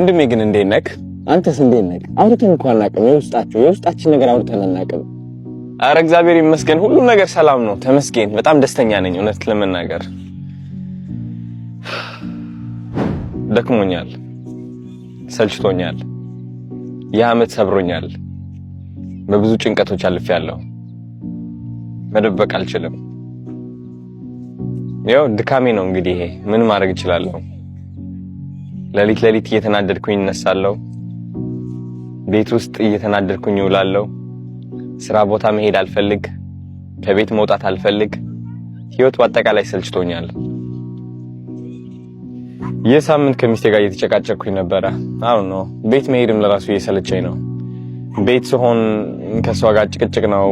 ወንድሜ ግን እንዴት ነክ አንተስ እንዴት ነክ አውርተን እንኳን አናውቅም። የውስጣችሁ የውስጣችን ነገር አውርተን አናውቅም። አረ እግዚአብሔር ይመስገን ሁሉ ነገር ሰላም ነው፣ ተመስገን። በጣም ደስተኛ ነኝ። እውነት ለመናገር ደክሞኛል፣ ሰልችቶኛል፣ የዓመት ሰብሮኛል። በብዙ ጭንቀቶች አልፌያለሁ። መደበቅ አልችልም። ያው ድካሜ ነው እንግዲህ ይሄ ምን ማድረግ እችላለሁ? ለሊት ለሊት እየተናደድኩኝ እነሳለሁ። ቤት ውስጥ እየተናደድኩኝ እውላለሁ። ስራ ቦታ መሄድ አልፈልግ፣ ከቤት መውጣት አልፈልግ። ህይወት በአጠቃላይ ሰልችቶኛል። ይህ ሳምንት ከሚስቴ ጋር እየተጨቃጨቅኩኝ ነበረ። አሁን ነው ቤት መሄድም ለራሱ እየሰለቸኝ ነው። ቤት ስሆን ከእሷ ጋር ጭቅጭቅ ነው።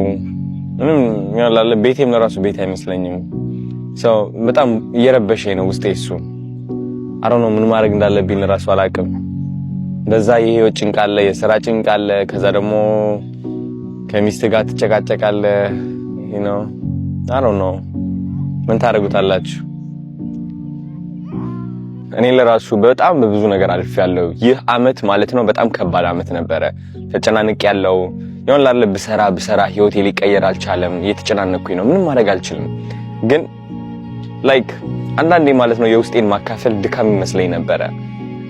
ምንም ያላለ ቤቴም ለራሱ ቤት አይመስለኝም። ሰው በጣም እየረበሸኝ ነው ውስጤ እሱ አሮ ነው ምን ማድረግ እንዳለብኝ እራሱ አላቅም በዛ የህይወት ጭንቅ አለ፣ የስራ ጭንቅ አለ። ከዛ ደግሞ ከሚስት ጋር ትጨቃጨቃለ። ነው አሮ ነው ምን ታደርጉታላችሁ? እኔ ለራሱ በጣም ብዙ ነገር አልፍ ያለው ይህ አመት ማለት ነው በጣም ከባድ አመት ነበረ። ተጨናንቅ ያለው ይሆን ላለ ብሰራ ብሰራ ህይወቴ ሊቀየር አልቻለም። እየተጨናነኩኝ ነው። ምንም ማድረግ አልችልም ግን ላይክ አንዳንዴ ማለት ነው የውስጤን ማካፈል ድካም ይመስለኝ ነበረ።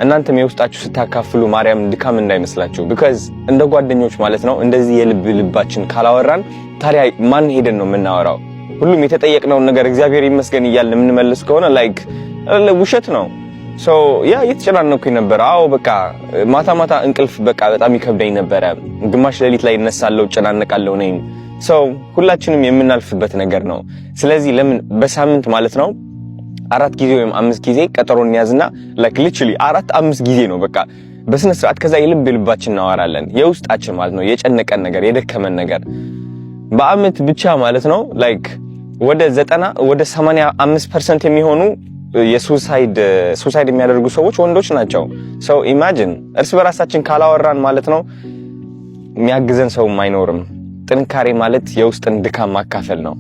እናንተም የውስጣችሁ ስታካፍሉ ማርያም ድካም እንዳይመስላችሁ። ቢካዝ እንደ ጓደኞች ማለት ነው እንደዚህ የልብ ልባችን ካላወራን ታዲያ ማን ሄደን ነው የምናወራው? ሁሉም የተጠየቅነውን ነገር እግዚአብሔር ይመስገን እያልን የምንመልስ ከሆነ ላይክ ውሸት ነው። ያ እየተጨናነኩኝ ነበረ። አዎ በቃ ማታ ማታ እንቅልፍ በቃ በጣም ይከብደኝ ነበረ። ግማሽ ሌሊት ላይ እነሳለሁ፣ እጨናነቃለሁ ነኝ ሰው ሁላችንም የምናልፍበት ነገር ነው። ስለዚህ ለምን በሳምንት ማለት ነው አራት ጊዜ ወይም አምስት ጊዜ ቀጠሮ እንያዝና ላይክ ሊትራሊ አራት አምስት ጊዜ ነው በቃ በስነ ስርዓት ከዛ የልብ የልባችን እናወራለን። የውስጣችን ማለት ነው የጨነቀን ነገር የደከመን ነገር በአመት ብቻ ማለት ነው ላይክ ወደ ዘጠና ወደ 85% የሚሆኑ የሱሳይድ ሱሳይድ የሚያደርጉ ሰዎች ወንዶች ናቸው። ሰው ኢማጂን እርስ በራሳችን ካላወራን ማለት ነው የሚያግዘን ሰውም አይኖርም። ጥንካሬ ማለት የውስጥን ድካም ማካፈል ነው።